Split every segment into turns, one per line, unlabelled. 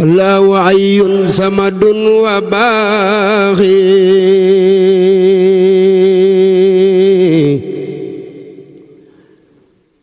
الله حي صمد وباغي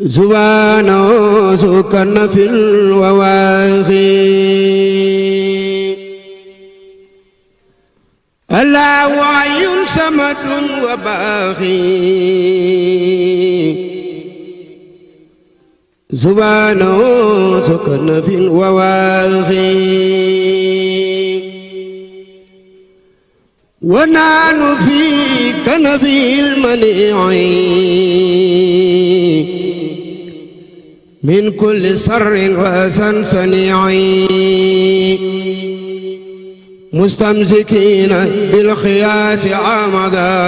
زوانا سكن في الواغي الله حي صمد وباغي سبحانه سكن في الوالخ ونحن في كنبي المنيع من كل سر صنيع مستمسكين بالخياس عمدا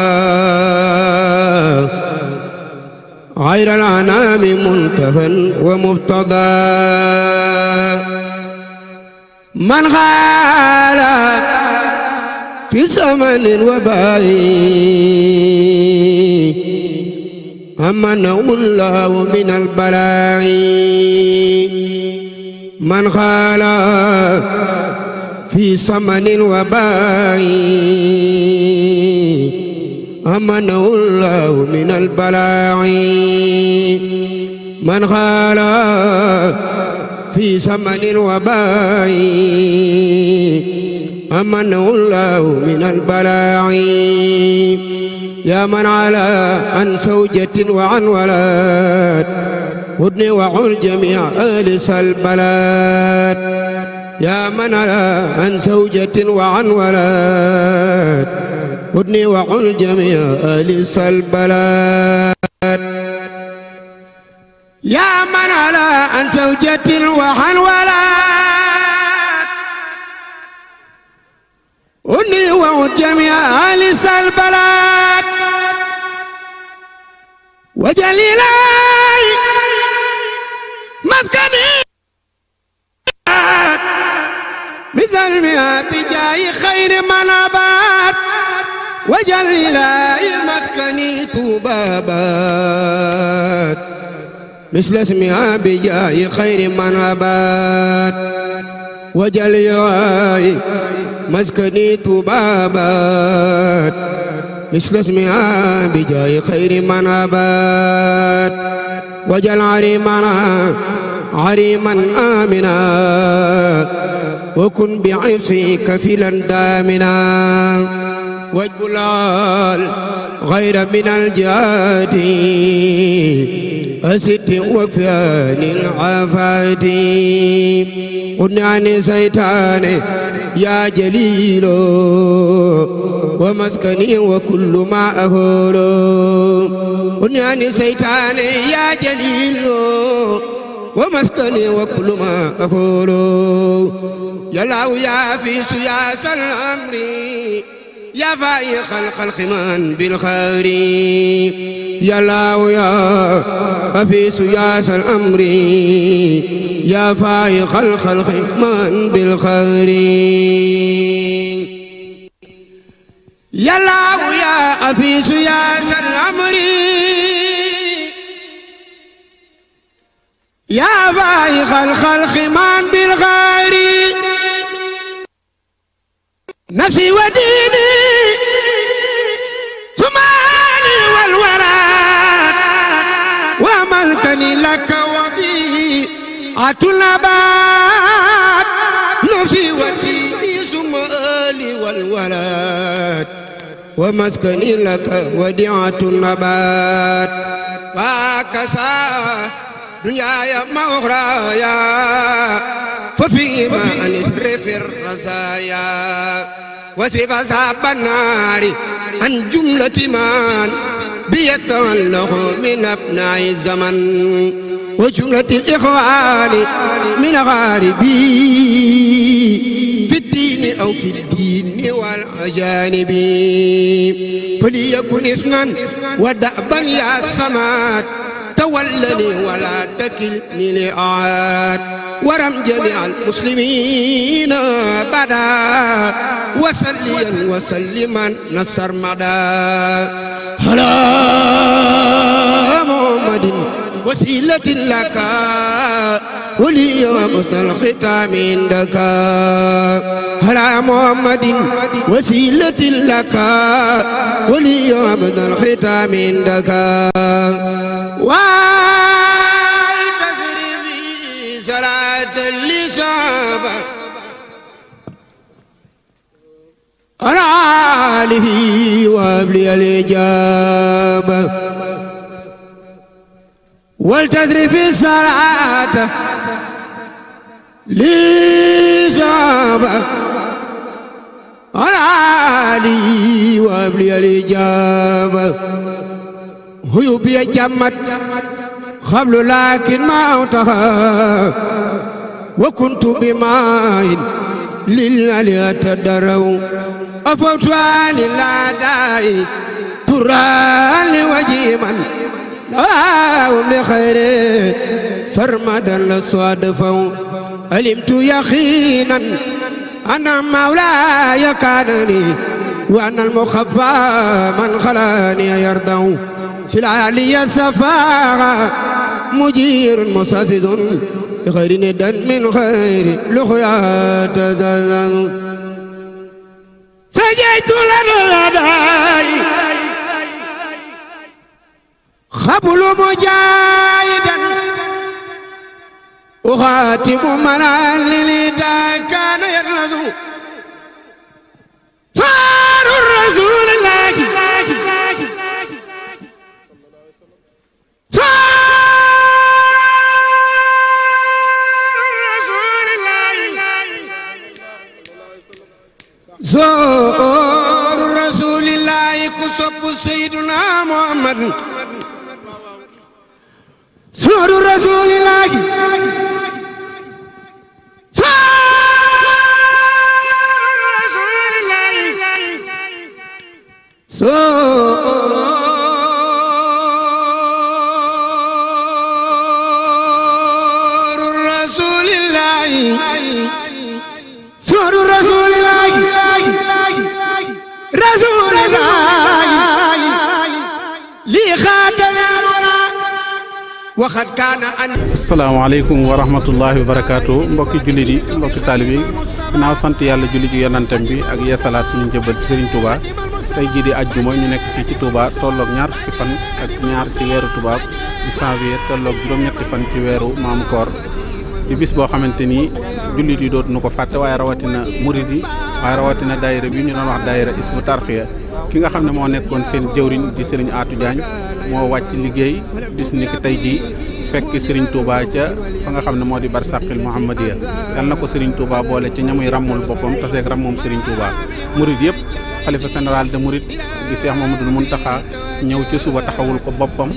غير الأنام منتفا ومبتدا من غال في زمن الوباء نوم الله من البلاء من غال في زمن الوباء أمنه الله من البلاء من خال في زمن الوباء أمنه الله من البلاء يا من على عن زوجة وعن ولد هدن وعن جميع آلس البلاد يا من على عن زوجة وعن ولد هدني وعن جميع آل البلاد يا من على عن زوجة وعن ولا هدني وعن جميع آل البلاد وجليلي مسكني مثل ما بجاي خير منابات وجل إلهي مسكني تبابات مثل ابي بجاه خير من أبات وجل إلهي مسكني تبابات مثل ابي بجاه خير من أبات وجل عريمنا عريما آمنا وكن بعفسك كفلا دامنا والبلال غير من الجاد أسد وفيان العفاد قلنا عن سيطان يا جليل ومسكني وكل ما أهول قلنا عن سيطان يا جليل ومسكني وكل ما أهول يلاو يا فيس يا سلام يا فاي خلق الخمان بالخير يا الله يا في سياس الأمر يا فاي خلق الخمان بالخير يا الله يا في سياس الأمر يا فاي خلق الخمان بالخير نفسي ودي وتلبات نفسي وفي ثم والولد ومسكني لك وديعة النبات دنيا دنياي ما يا ففيما أن في الرزايا واثرب أصحاب النار عن جملة من الله من أبناء الزمن وجملة الإخوان من غاربي في الدين أو في الدين والأجانب فليكن اسما ودأبا يا الصمات تولني ولا تكلني لأعاد ورم جميع المسلمين بدا وسليا وسلما نصر مدى على محمد وسيلة لك ولي ومثل الختام عندك على محمد وسيلة لك ولي ومثل الختام عندك واي صلاة على آله وابلي الإجابة ولتدري في الصلاة لصعب العالي وابلي الإجابة بي جمت خبل لكن ما أوتها وكنت بماء للذي أتدروا أفوت عن الأعداء ترى لوجه دعاهم لخير سرمدا للصاد فو علمت يخينا أنا مولاي كانني وأن المخفى من خلاني يرضو في العالية سفاغة مجير مساسد لخير ندا من خير لخيا تزلل سجيت لنا الأداي xabul mujaahidan uxaatibu manaalili Assalamualaikum warahmatullahi wabarakatuh.
asalaamaaleykum wa rahmatullahi wa barakaatu mbokki jullit yi mbokki taalib yi dinaa sant yàlla julli ji yonantam bi ak yeesalaat suñu njëbal ci Serigne Touba tay di aljuma ñu nekk fii ci Touba tolloog ñaar ci fan ak ñaar ci wéru touba di janvier tolloog juróom-ñetti fan ci wéru mam koor di bis bo xamanteni ni jullit yi rawatina murid yi rawatina bi ñu doon wax daaira ismu ki nga xam ne moo nekkoon seen jëwriñ di sëriñ Atou Diagne moo wàcc liggéey gis ni ki tey jii fekk sëriñ Touba ca fa nga xam ne moo di bar sàqil Muhammadiya yal na ko sëriñ Touba boole ca ñamuy ràmmul boppam taseeg ràmmoom sëriñ Touba murit yëpp xalifa général de murit di Cheikh mun Mountakha ñëw ca suba taxawul ko boppam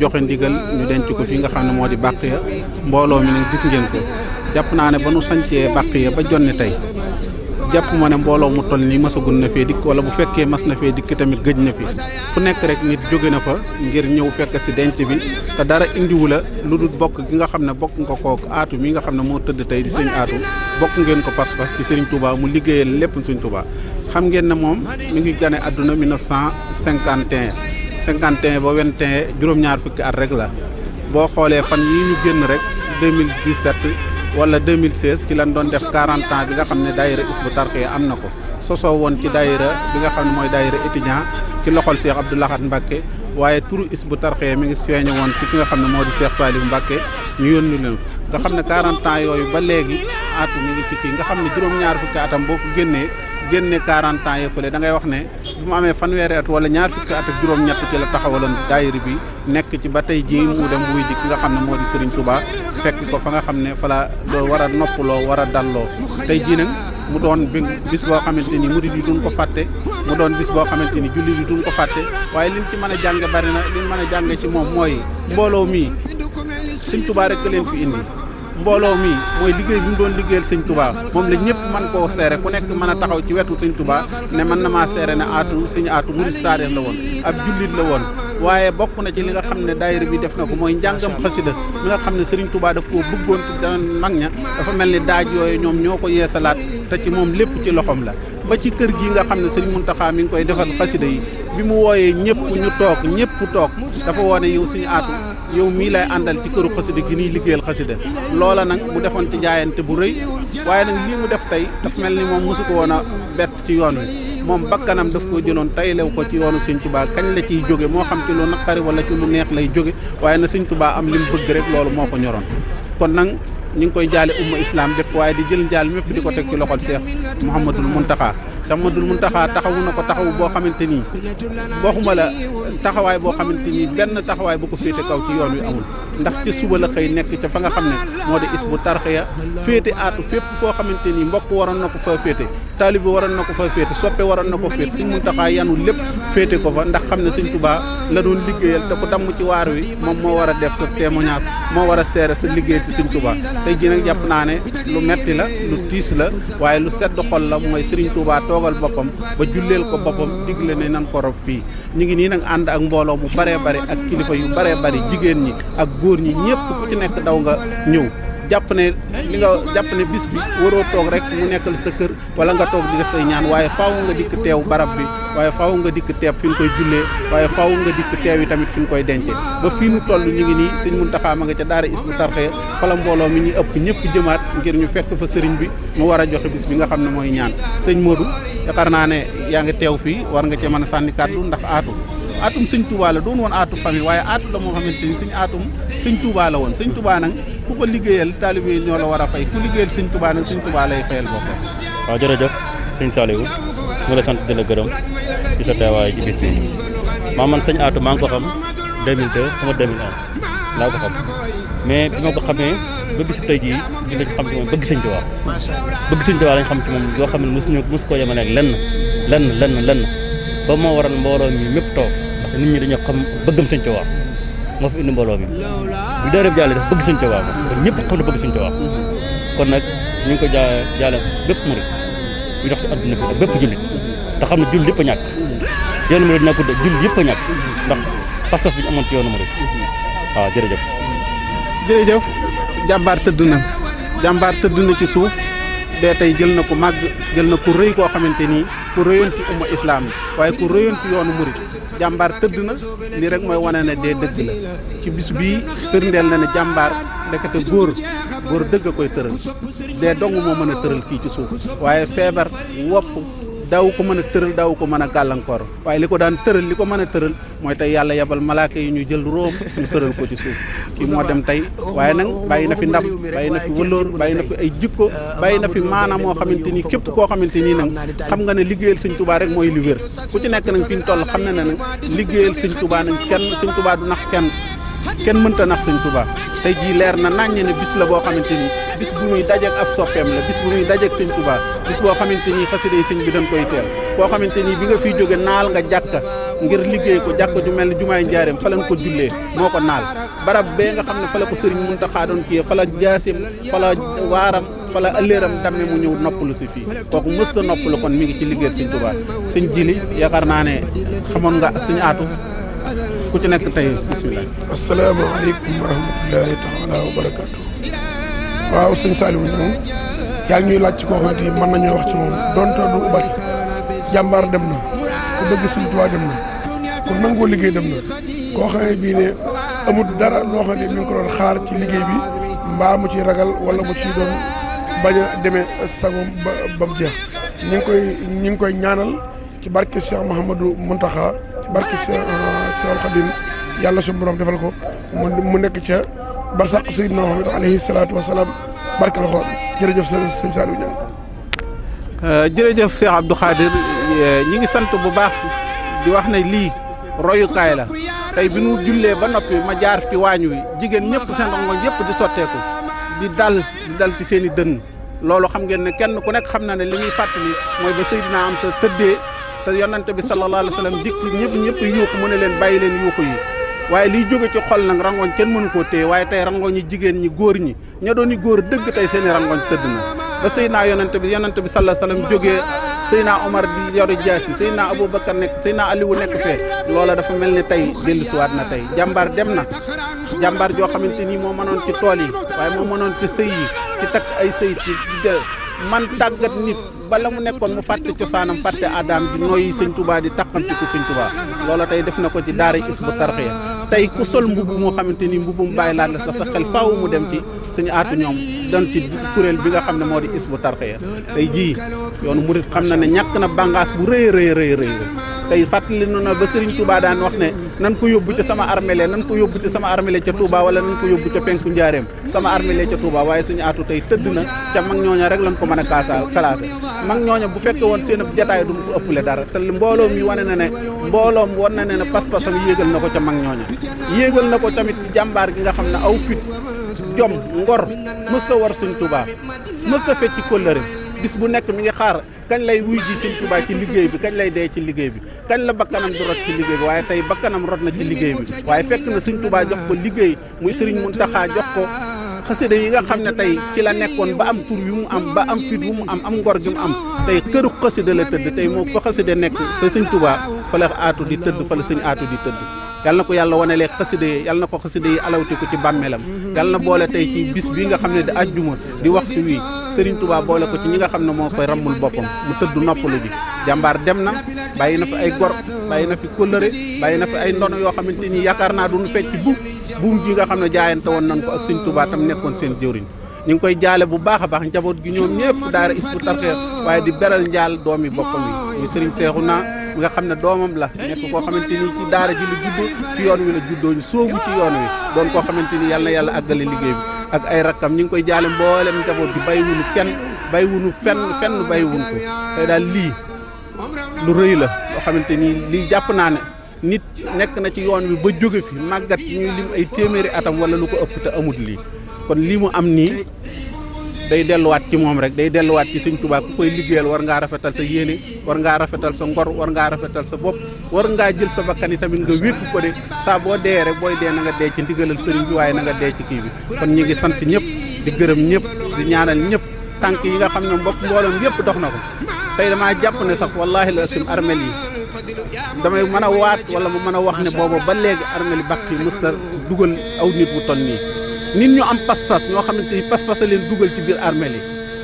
joxe ndigal ñu denc ko fi nga xam ne moo di bàq ya mbooloo mi nag gis ngeen ko jàpp naa ne ba nu sancee bàq ya ba jonni tey jàpp ma ne mbooloo mu toll nii masagun na fee dikk wala bu fekkee mas na fee dikk tamit gëj na fi fu nekk rek nit jóge na fa ngir ñëw fekk si denc bi te dara indiwu la lu dul bokk gi nga xam ne bokk nga kook aatu mi nga xam ne moo tëdd tey di sëñ aatu bokk ngeen ko pas-pas ci sëriñ Touba mu liggéeyal lépp sëñ Touba xam ngeen ne moom mi ngi gane àdduna 1951 51 ba 21 juróom-ñaar fukki at rek la boo xoolee fan yi ñu génn rek 2017 wala 2016 ci lan doon def 40 ans bi nga xam ne daayira Hizbut Tarqiyyah am na ko sosoo woon ci daayira bi nga xam ne mooy daayira étudiant ci loxol Cheikh Abdou Lahad Mbacké waaye turu Hizbut Tarqiyyah mi ngi feeñe woon ci ki nga xam ne moo di Cheikh Saliou Mbacké ñu yónni leen nga xam ne 40 ans yooyu ba léegi at mi ngi ci kii nga xam ne juróom-ñaar fukki atam boo ko génnee génne 40 ans ya fële da ngay wax ne bu mu amee fanweeri at wala ñaar fukki at ak juróom-ñett ki la taxawaloon daayira bi nekk ci ba tey jii mu dem wuy ji ki nga xam ne moo di Serigne Touba fekk ko fa nga xam ne fa la war a noppaloo war a dalloo tey jii nag mu doon bis boo xamante ni murid yi duñ ko fàtte mu doon bis boo xamante ni jullit yi duñ ko fàtte waaye liñ ci mën a jàng bari na liñ mën a jàng ci moom mooy mbooloo mii Serigne Touba rek leen fi indi. mbooloo mi mooy liggéey bi mu doon liggéeyal sëñ Touba moom la ñëpp mën koo seere ku nekk mën a taxaw ci wetu sëñ Touba ne mën na maa seere ne aatu sëñ aatu murid saadeex la woon ab jullit la woon waaye bokk na ci li nga xam ne daayira bi def na ko mooy njàngam xasida mi nga xam ne sëriñ Touba daf koo bëggoon ci mag ña dafa mel ni daaj yooyu ñoom ñoo ko yeesalaat te ci moom lépp ci loxoom la ba ci kër gi nga xam ne sëñ Muntaxa mi ngi koy defal xasida yi bi mu wooyee ñëpp ñu toog ñëpp toog dafa woone yow suñu aatu yow mii lay àndal ci këru xasida gi nuy liggéeyal xasida loola nag mu defoon ci jaayante bu rëy waaye nag lii mu def tey daf mel ni moom mosu ko woon a bett ci yoon wi moom bakkanam daf ko jëloon taylew ko ci yoonu Sëñ Tuubaa kañ la ciy jóge moo xam ci lu naqari wala ci lu neex lay jóge waaye na Sëñ Tuubaa am li mu bëgg rek loolu moo ko ñoroon kon nag ñu ngi koy jaale umma islaam bépp waaye di jël njaal mépp di ko teg ci loxol Seex Muhammadul Muntaxaa sax ma dul mun taxaa taxawu na ko taxawu boo xamante nii waxuma la taxawaay boo xamante nii benn taxawaay bu ko féete kaw ci yoon wi amul ndax ci suba la xëy nekk ca fa nga xam ne moo di is bu ya féete aatu fépp foo xamante nii mbokk waroon na ko fa féete taalibi waroon na ko fa féete soppe waroon na ko féete suñ mun taxaa yanu lépp féete ko fa ndax xam ne suñ tubaa la doon liggéeyal te ku damm ci waar wi moom moo war a def sa témoignage moo war a seere sa liggéey ci suñ tubaa tey jii nag jàpp naa ne lu metti la lu tiis la waaye lu sedd xol la mooy sëriñ tubaa toogal boppam ba julleel ko boppam digle ne nan ko rob fii ñu ngi nii nag ànd ak mbooloo mu baree bari ak kilifa yu baree bari jigéen ñi ak góor ñi ñëpp ku ci nekk daw nga ñëw jàpp ne li nga jàpp ne bis bi waroo toog rek mu nekkal sa kër wala nga toog di def say ñaan waaye faaw nga dikk teew barab bi waaye faaw nga dikk teew fi koy jullee waaye faaw nga dikk teew yi tamit fi koy denc ba fii nu toll ñu ngi nii Muntaxa ma nga daara ya fa la mi ñu ëpp ñëpp jëmaat ngir ñu fekk fa sëriñ bi mu war joxe bis bi nga xam ne mooy ñaan sëñ Modou yaakaar naa ne yaa ngi teew fii war nga cee mën a sànni kàddu ndax atu aatum sëñ Touba la doon woon aatu famille waaye aatu Touba la Touba ku ko liggéeyal taalibe yi ñoo la war a fay ku liggéeyal sëñ Tuubaa nag sëñ Tuubaa lay fayal boppam. waaw jërëjëf sëñ Saliou ñu la sant di la gërëm ci sa teewaay ci bis bi maa man sëñ maa ngi ko xam 2002 sama 2001 laa ko xam mais bi ma ko xamee ba su tey jii ñu xam ci moom bëgg sëñ Tuubaa bëgg sëñ Tuubaa lañ xam ci moom yoo xam ne mosuñu mosu koo yemale ak lenn lenn lenn ba moo waral mbooloo mi ñëpp toog ndax nit ñi dañoo xam bëggam sëñ Tuubaa moo bu Daaru Jaale dafa bëgg Sëñ Tuubaa kon ñëpp xam na bëgg Sëñ Tuubaa kon nag ñu ngi ko jaa jaale bépp murit bu dox ci adduna bi ak bépp jullit te xam ne jullit yëpp a ñàkk yoonu murit dina de jullit yëpp a ñàkk ndax pas-pas bi ñu amoon ci yoonu murit waaw jërëjëf jërëjëf jàmbaar tëdd na jàmbaar tëdd na ci suuf dee tey jël na ku màgg jël na ku rëy koo xamante nii ku rëyoon ci umma islaam waaye ku rëyoon ci yoonu murit jàmbaar tëdd na li rek mooy wane ne dee dëgg la ci bis bii firndeel na ne jàmbaar ndekete góor góor dëgg a koy tëral dee dong moo mën a tëral kii ci suuf waaye feebar wopp daaw ko mën a tëral daaw ko mën a gàllankoor waaye li ko daan tëral li ko mën a tëral mooy tey yàlla yebal malaaka yi ñu jël róom ñu tëral ko ci suuf kii moo dem tey waaye nag bàyyi na fi ndam bàyyi na fi wëlóor bàyyi na fi ay jikko bàyyi na fi maanaam moo xamante ni képp koo xamante nii nag xam nga ne liggéeyal sëñ tubaa rek mooy li wér ku ci nekk nag fi ñu toll xam ne na nag liggéeyal sëñ tubaa nag kenn sëñ tubaa du nax kenn kenn mënta nax sëñ Touba tey jii leer na naññe ne bis la boo xamante ni bis bu muy dajeek ab soppeem la bis bu muy dajeek sëñ Touba bis boo xamante ni xasida yi sëñ bi dañ koy teel boo xamante ni bi nga fiy jóge naal nga jàkka ngir liggéey ko jàkka ju mel ni jumaay njaareem fa lañ ko jullee moo ko naal barab bee nga xam ne fa la ko sëriñ Muntaxa doon kiyee fa la jaasim fa la waaram fala la ëllëram damme mu ñëw noppulu si fii kooku mësta noppalu kon mi ngi ci liggéey sëñ Touba sëñ Jili yaakaar naa ne xamoon nga ak Aatu ku ci nekk tey bisimilah. asalaamaaleykum wa rahmatulahi taala wa waaw sëñ Saliou ñoom yaa ngi ñuy laaj ci koo xamante ni mën nañoo wax ci moom donte du bari jàmbaar dem na ku bëgg sëñ Tuubaa dem na ku nangoo liggéey dem na koo xamee bii ne amul dara loo xam ne mi ngi ko doon xaar ci liggéey bi mbaa mu ci ragal wala mu ci doon bañ a demee sagom ba ba mu jeex ñu ngi koy ñu ngi koy ñaanal ci barke Cheikh Mouhamadou Mountakha. barke Seex ah, Seexul Xadim yàlla suñu borom defal ko mu nekk ca barsàq Seydina Muhammad alayhi salaatu wa salaam barke jërëjëf sëñ Saliou Niang. Euh, jërëjëf Cheikh euh, ngi sant bu baax di wax na lii royukaay la tey bi nu jullee ba noppi ma jaar ci waañ wi jigéen ñëpp seen rongoñ yëpp di sotteeku di dal di dal ci seen i dënn loolu xam ngeen ne kenn ku nekk xam na ne li ñuy fàttali mooy ba Seydina am sa tëddee. te yonante bi sallallahu alayhi wa sallam dikk ñëpp ñëpp yuuxu mu ne leen bàyyi leen yuuxu yi waaye liy jóge ci xol nag rangoñ kenn mënu koo téye waaye tey rangoñ ñi jigéen ñi góor ñi ña doon ñu góor dëgg tey seen i rangoñ tëdd na ba sëy naa yonante bi yonante bi sallallahu alayhi wa sallam jógee sëy naa Omar di yoru jaasi sëy naa Aboubacar nekk sëy naa Aliou nekk fee loola dafa mel ni tey dellusiwaat na tey jàmbaar dem na jàmbaar joo xamante ni moo mënoon ci tool yi waaye moo mënoon ci sëy yi ci takk ay sëy ci man tàggat nit bala mu nekkoon mu fàtte cosaanam fàtte aadaam ji nooyi sëñ tubaa di taqantiku sëñ tubaa loola tey def na ko ci daara Hizbut Tarqiyyah tey ku sol mbubb moo xamante ni mbubbum bàyyi laat la sax sa xel faaw mu dem ci suñu aatu ñoom doon ci kuréel bi nga xam ne moo di Hizbut Tarqiyyah tey jii yoonu murit xam na ne ñàkk na bàngaas bu rëy rëy rëy rëy tey fàttali nu na ba Serigne Touba daan wax ne nan ko yóbbu ca sama armele nan ko yóbbu ca sama armele ca Touba wala nan ko yóbbu ca penku njaareem sama armele ca Touba waaye suñu aatu tey tëdd na ca mag ñooña rek lañ ko mën a kaasa classé mag ñooña bu fekke woon seen jataay du ko ëppale dara te mbooloo mi wane na ne mbooloom war na ne ne pas-pasam yéegal na ko ca mag ñooña yéegal na ko tamit ci jàmbaar gi nga xam ne aw fit jom ngor mës sa war suñ Touba mës sa fecc kóllëre bis bu nekk mi ngi xaar kañ lay wuy ji Sëñ tubaa ci liggéey bi kañ lay dee ci liggéey bi kañ la bakkanam di rot ci liggéey bi waaye tey bakkanam rot na ci liggéey bi waaye fekk na Sëñ Tuubaa jox ko liggéey muy Sëriñ Muntaxaa jox ko xasida yi nga xam ne tey ci la nekkoon ba am tur yu mu am ba am fit yu mu am am ngor gi mu am tey këru xasida la tëdd tey moo fa xasida nekk fa Sëñ Tuubaa fa la aatu di tëdd fa la sëñ aatu di tëdd yal na ko yàlla wanelee xasida yi yal na ko xasida yi alawti ko ci bàmmeelam yal na boole tey ci bis bi nga xam ne di ajjuma di waxtu wii Serigne Touba boole ko ci ñi nga xam ne moo koy rammul boppam mu tëdd noppalu ji jàmbaar dem na bàyyi na fi ay gor bàyyi na fi kóllëre bàyyi na fi ay ndono yoo xamante ni yaakaar naa du duñu fecc bu buum ji nga xam ne jaayante woon nan ko ak Serigne tam nekkoon seen jëwriñ ñu ngi koy jaale bu baax a baax njaboot gi ñoom ñëpp daara Hizbut Tarqiyyah waaye di beral njaal yi bokkam yi muy Serigne Cheikhouna mi nga xam ne doomam la nekk koo xamante ni ci daara ji la juddoo ci yoon wi la juddoo ñu sóobu ci yoon wi doon koo xamante ni yàlla na yàlla àggale liggéey bi ak ay rakkam ñu ngi koy jaale mboolem njaboot gi bay wunu kenn bay wunu fenn fenn bay wun ko tey daal lii lu rëy la koo xamante ni lii jàpp naa ne nit nekk na ci yoon wi ba jóge fi màggat ñuy ay téeméeri atam wala lu ko ëpp te amut lii kon limu am ni day wat ci mom rek day wat ci seigne touba ku koy liggéeyal war nga rafetal sa yene war nga rafetal sa ngor war nga rafetal sa bop war nga jël sa bakani tamit nga wékk ko de sa bo dee rek boy dee na nga dee ci ndigalal seigne bi waaye na nga dee ci ki bi kon ñi ngi sant ñep di gërëm ñep di ñaanal ñep tank yi nga xamne mbokk mbolam dox nako ko dama japp ne sax wallahi la asim armel yi damay mëna waat wala mu mëna wax ne bobo ba légui armel bakki yi musta aw nit bu ton ni nit ñu am pas-pas ñoo xamante ni pas-pas a leen dugal ci biir armée li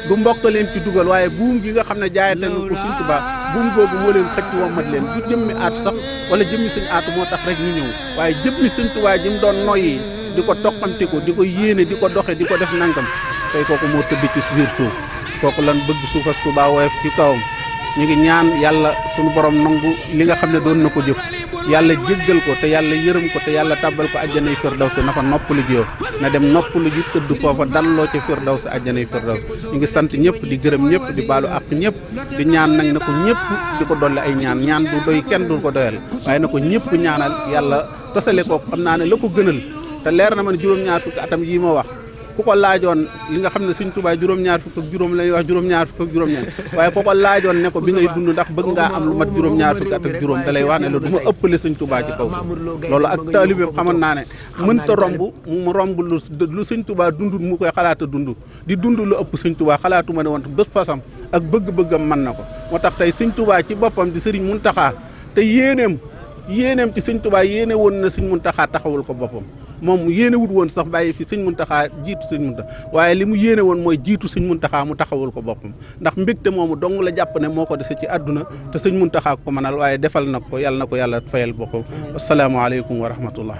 du mbokk leen ci dugal waaye buum gi nga xam ne jaayate na ko Sëñ Tuubaa buum googu moo leen xëcc wommat leen bu jëmmi aatu sax wala jëmmi sëñ aatu moo tax rek ñu ñëw waaye jëmmi Sëñ Tuubaa ji mu doon noyyi di ko toqamti ko di ko yéene di ko doxe di ko def nangam tey kooku moo tëdd ci biir suuf kooku lan bëgg suufas baa woyof ci kawam ñu ngi ñaan yàlla sunu borom nangu li nga xam ne doon na ko jëf yàlla jéggal ko te yàlla yërëm ko te yàlla tàbbal ko àjjanay firdaws na fa noppalu jiyoo na dem noppalu ji tëdd foofa dalloo ca firdaws àjjanay firdaws ñu ngi sant ñëpp di gërëm ñëpp di baalu àq ñëpp di ñaan nag na ko ñëpp di ko dolli ay ñaan ñaan du doy kenn du ko doyal waaye na ko ñëpp ñaanal yàlla tasale ko am naa ne la ko gënal te leer na man juróom-ñaar fukki atam yii ma wax ku ko laajoon li nga xam ne suñ tubaa juróom-ñaar fukk ak juróom lañuy wax juróom-ñaar fukk ak juróom waaye ku ko laajoon ne ko bi ngay dund ndax bëgg ngaa am lu mat juróom-ñaar fukk at ak juróom da lay wax ne la du ma ëppale Sëriñ Tuubaa ci kaw loolu ak taalibe xamoon naa ne mënta romb mu romb lu lu Sëriñ Tuubaa dund mu koy xalaata dund di dund lu ëpp Sëriñ Tuubaa xalaatu ma ne woon bés pasam ak bëgg-bëggam man na ko moo tax tey Sëriñ Tuubaa ci boppam di Sëriñ Muntaxaa te yéeneem yéeneem ci Sëriñ yéene woon na Sëriñ Muntaxaa taxawul ko boppam moom mu wut woon sax bàyyi fi sëñ mun Muntaxa jiitu sëñ Muntaxa waaye li mu yéene woon mooy jiitu sëñ Muntaxa mu taxawul ko boppam ndax mbégte moomu dong la jàpp ne moo ko dese ci àdduna te sëñ Muntaxa ko mënal waaye defal na ko yàlla na ko yàlla fayal boppam asalaamaaleykum wa rahmatullah